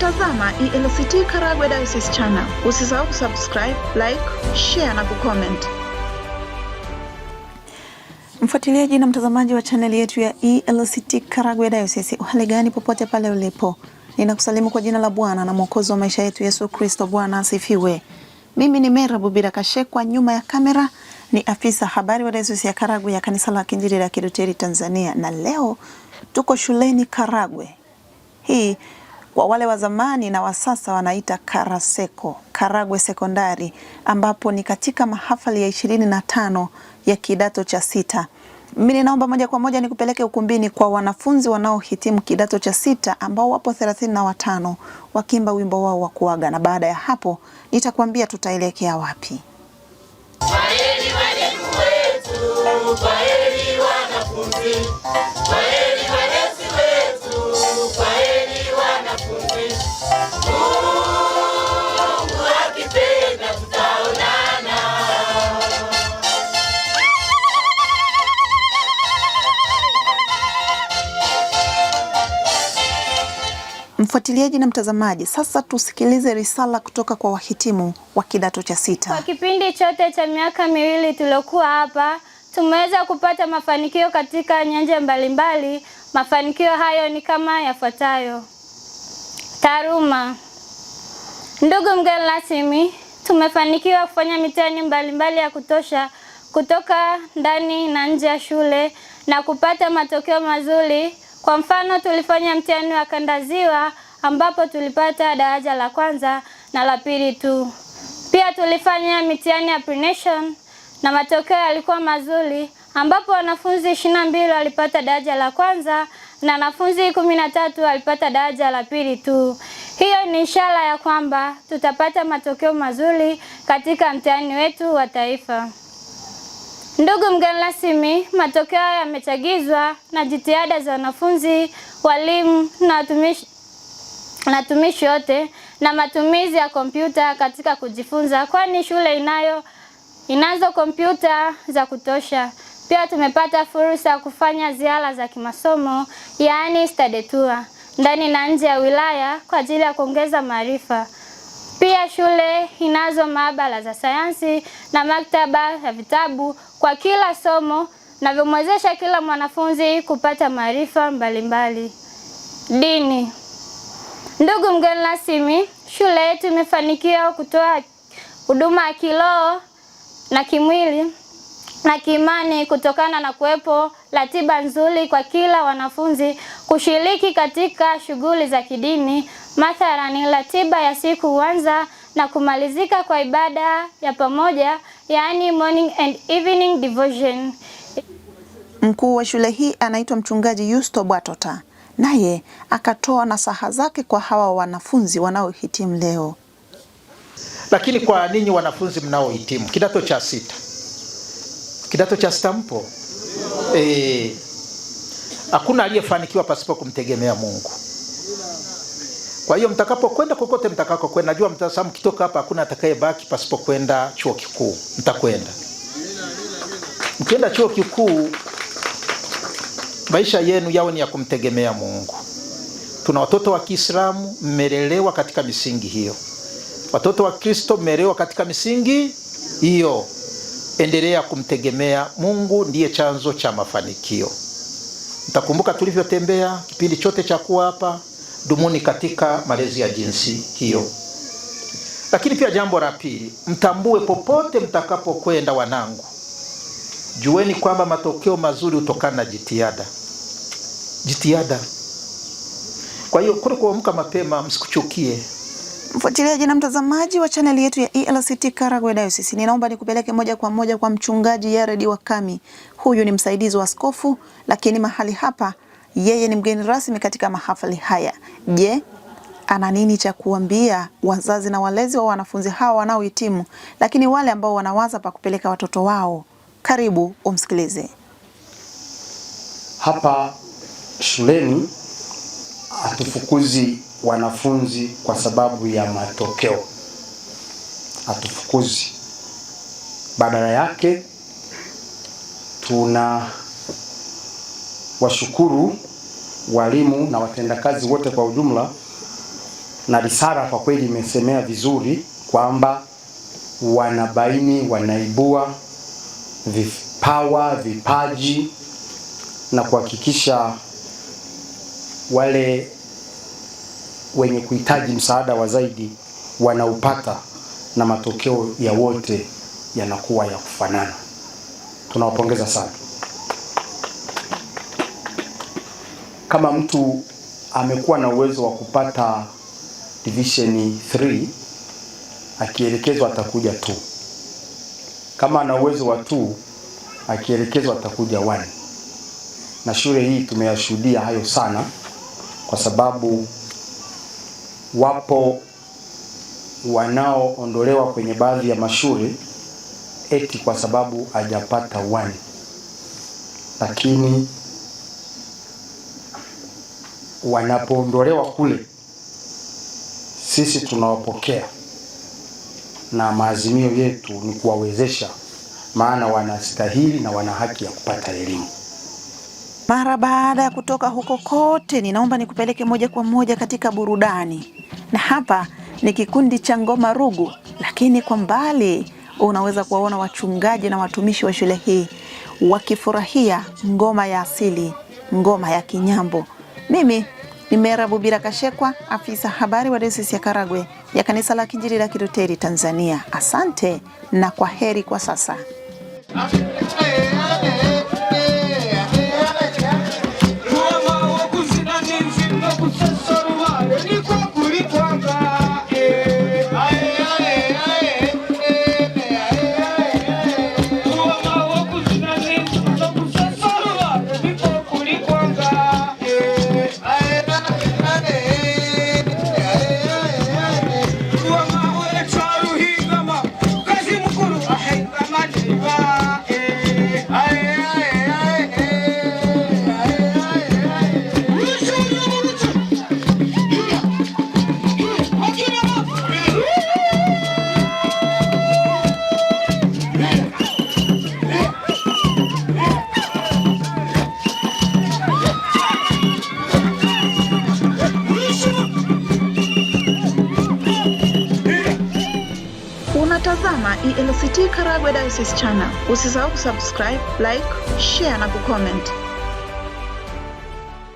Unatazama ELCT Karagwe Diocese Channel. Usisahau kusubscribe, like, share na kucomment. Mfuatiliaji na mtazamaji wa chaneli yetu ya ELCT Karagwe Diocese, uhali gani popote pale ulipo, ninakusalimu kwa jina la Bwana na Mwokozi wa maisha yetu Yesu Kristo. Bwana asifiwe. Mimi ni Mera Bubira Kashekwa, nyuma ya kamera ni afisa habari wa Dayosisi ya Karagwe ya Kanisa la Kiinjili la kiruteri Tanzania, na leo tuko shuleni Karagwe. Hii wa wale wa zamani na wa sasa wanaita Karaseko, Karagwe Sekondari, ambapo ni katika mahafali ya ishirini na tano ya kidato cha sita. Mimi ninaomba moja kwa moja nikupeleke ukumbini kwa wanafunzi wanaohitimu kidato cha sita ambao wapo thelathini na watano wakimba wimbo wao wa kuaga, na baada ya hapo nitakwambia tutaelekea wapi. Kwaheri walimu wetu, kwaheri wanafunzi, kwaheri Mfuatiliaji na mtazamaji, sasa tusikilize risala kutoka kwa wahitimu wa kidato cha sita. Kwa kipindi chote cha miaka miwili tuliokuwa hapa, tumeweza kupata mafanikio katika nyanja mbalimbali. Mafanikio hayo ni kama yafuatayo: Taaluma. Ndugu mgeni rasmi, tumefanikiwa kufanya mitihani mbalimbali ya kutosha kutoka ndani na nje ya shule na kupata matokeo mazuri kwa mfano, tulifanya mtihani wa kandaziwa ambapo tulipata daraja la kwanza na la pili tu. Pia tulifanya mitihani ya prenation na matokeo yalikuwa mazuri ambapo wanafunzi ishirini na mbili walipata daraja la kwanza na wanafunzi kumi na tatu walipata daraja la pili tu. Hiyo ni ishara ya kwamba tutapata matokeo mazuri katika mtihani wetu wa taifa. Ndugu mgeni rasmi, matokeo yamechagizwa na jitihada za wanafunzi, walimu na watumishi yote na matumizi ya kompyuta katika kujifunza, kwani shule inayo inazo kompyuta za kutosha. Pia tumepata fursa ya kufanya ziara za kimasomo, yaani study tour, ndani na nje ya wilaya kwa ajili ya kuongeza maarifa. Pia shule inazo maabara za sayansi na maktaba ya vitabu kwa kila somo vimwezesha kila mwanafunzi kupata maarifa mbalimbali. Dini. Ndugu mgeni rasmi, shule yetu imefanikiwa kutoa huduma ya kiroho na kimwili na kiimani kutokana na kuwepo ratiba nzuri kwa kila wanafunzi kushiriki katika shughuli za kidini. Mathalani, ratiba ya siku huanza na kumalizika kwa ibada ya pamoja yani morning and evening devotion. Mkuu wa shule hii anaitwa Mchungaji Yusto Bwatota, naye akatoa nasaha zake kwa hawa wanafunzi wanaohitimu leo. Lakini kwa ninyi wanafunzi mnaohitimu kidato cha sita, kidato cha sita mpo? Eh. Hakuna aliyefanikiwa pasipo kumtegemea Mungu. Kwa hiyo mtakapokwenda kokote mtakakokwenda, najua mtasamu kitoka hapa, hakuna atakayebaki pasipo kwenda chuo kikuu. Mtakwenda mkienda chuo kikuu, maisha yenu yawe ni ya kumtegemea Mungu. Tuna watoto wa Kiislamu, mmelelewa katika misingi hiyo. Watoto wa Kristo, mmelelewa katika misingi hiyo. Endelea kumtegemea Mungu, ndiye chanzo cha mafanikio. Mtakumbuka tulivyotembea kipindi chote cha kuwa hapa dumuni katika malezi ya jinsi hiyo. Lakini pia jambo la pili, mtambue popote mtakapokwenda, wanangu, jueni kwamba matokeo mazuri hutokana na jitihada, jitihada. Kwa hiyo kule kuamka mapema, msikuchukie. Mfuatiliaji na mtazamaji wa chaneli yetu ya ELCT Karagwe Diocese, ninaomba nikupeleke moja kwa moja kwa mchungaji Yared Wakami. Huyu ni msaidizi wa askofu, lakini mahali hapa yeye ni mgeni rasmi katika mahafali haya. Je, ana nini cha kuambia wazazi na walezi wa wanafunzi hawa wanaohitimu, lakini wale ambao wanawaza pa kupeleka watoto wao? Karibu umsikilize. Hapa shuleni hatufukuzi wanafunzi kwa sababu ya matokeo, hatufukuzi. Badala yake tuna washukuru walimu na watendakazi wote kwa ujumla, na risala kwa kweli imesemea vizuri kwamba wanabaini, wanaibua vipawa, vipaji na kuhakikisha wale wenye kuhitaji msaada wa zaidi wanaupata na matokeo ya wote yanakuwa ya kufanana. Tunawapongeza sana. kama mtu amekuwa na uwezo wa kupata division 3 akielekezwa atakuja 2, Kama ana uwezo wa 2 akielekezwa atakuja 1. Na shule hii tumeyashuhudia hayo sana, kwa sababu wapo wanaoondolewa kwenye baadhi ya mashule eti kwa sababu hajapata 1 lakini wanapoondolewa kule, sisi tunawapokea na maazimio yetu ni kuwawezesha, maana wanastahili na wana haki ya kupata elimu. Mara baada ya kutoka huko kote, ninaomba nikupeleke moja kwa moja katika burudani, na hapa ni kikundi cha ngoma Rugu, lakini kwa mbali unaweza kuwaona wachungaji na watumishi wa shule hii wakifurahia ngoma ya asili, ngoma ya Kinyambo. Mimi ni Mera Bubira Kashekwa, afisa habari wa Dayosisi ya Karagwe ya Kanisa la Kiinjili la Kilutheri Tanzania. Asante na kwa heri kwa sasa. kutazama ELCT Karagwe Diocese Channel. Usisahau kusubscribe, like, share na kucomment.